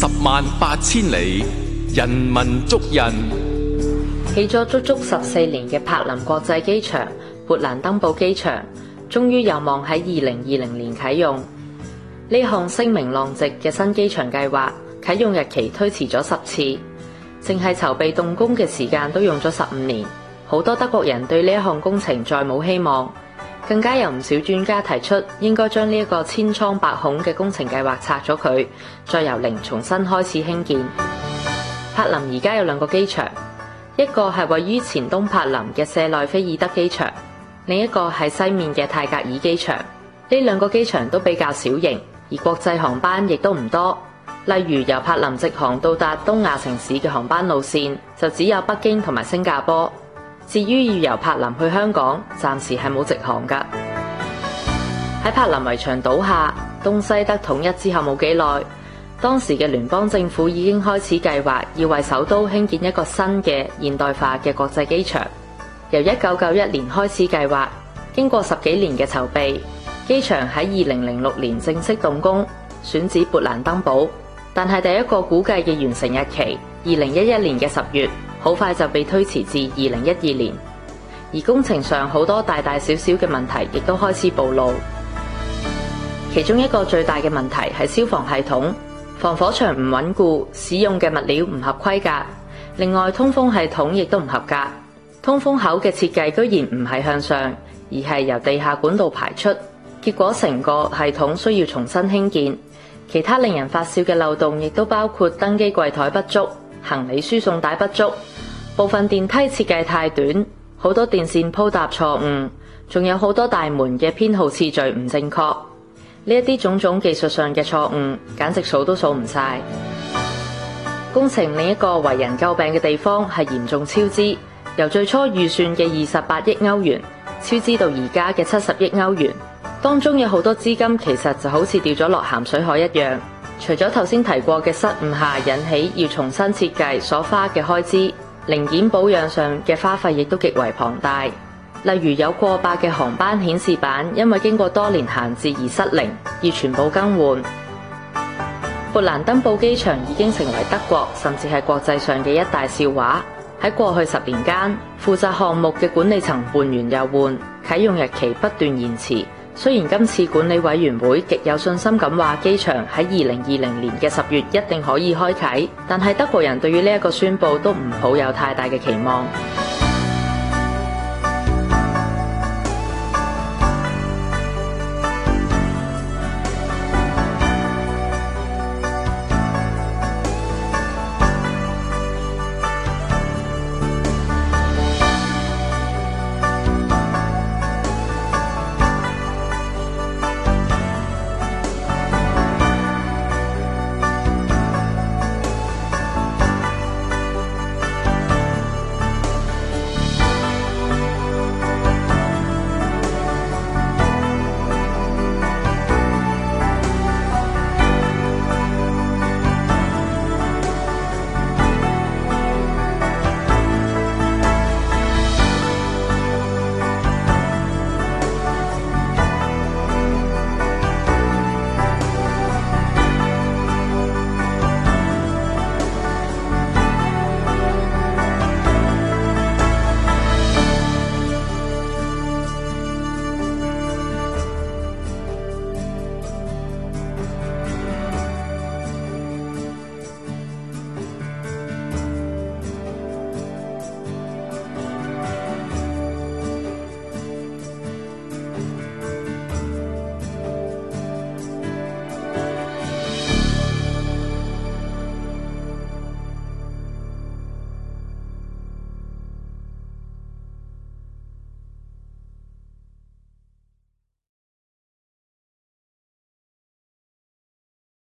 十萬八千里，人民足印。起咗足足十四年嘅柏林國際機場，勃蘭登堡機場，終於有望喺二零二零年啟用。呢項聲名狼藉嘅新機場計劃，啟用日期推遲咗十次，淨係籌備動工嘅時間都用咗十五年。好多德國人對呢一項工程再冇希望。更加有唔少專家提出，應該將呢一個千瘡百孔嘅工程計劃拆咗佢，再由零重新開始興建。柏林而家有兩個機場，一個係位於前東柏林嘅舍內菲爾德機場，另一個係西面嘅泰格爾機場。呢兩個機場都比較小型，而國際航班亦都唔多。例如由柏林直航到達東亞城市嘅航班路線，就只有北京同埋新加坡。至於要由柏林去香港，暫時係冇直航㗎。喺柏林圍牆倒下、東西德統一之後冇幾耐，當時嘅聯邦政府已經開始計劃要為首都興建一個新嘅現代化嘅國際機場。由一九九一年開始計劃，經過十幾年嘅籌備，機場喺二零零六年正式動工，選址勃蘭登堡，但係第一個估計嘅完成日期二零一一年嘅十月。好快就被推遲至二零一二年，而工程上好多大大小小嘅問題，亦都開始暴露。其中一個最大嘅問題係消防系統，防火牆唔穩固，使用嘅物料唔合規格。另外，通風系統亦都唔合格，通風口嘅設計居然唔係向上，而係由地下管道排出，結果成個系統需要重新興建。其他令人發笑嘅漏洞，亦都包括登機櫃台不足。行李輸送帶不足，部分電梯設計太短，好多電線鋪搭錯誤，仲有好多大門嘅編號次序唔正確，呢一啲種種技術上嘅錯誤，簡直數都數唔晒。工程另一個為人詬病嘅地方係嚴重超支，由最初預算嘅二十八億歐元，超支到而家嘅七十億歐元，當中有好多資金其實就好似掉咗落鹹水海一樣。除咗頭先提過嘅失誤下引起要重新設計所花嘅開支，零件保養上嘅花費亦都極為龐大。例如有過百嘅航班顯示板因為經過多年閒置而失靈，要全部更換。勃蘭登堡機場已經成為德國甚至係國際上嘅一大笑話。喺過去十年間，負責項目嘅管理層換完又換，啟用日期不斷延遲。雖然今次管理委員會極有信心咁話，機場喺二零二零年嘅十月一定可以開啟，但係德國人對於呢一個宣佈都唔抱有太大嘅期望。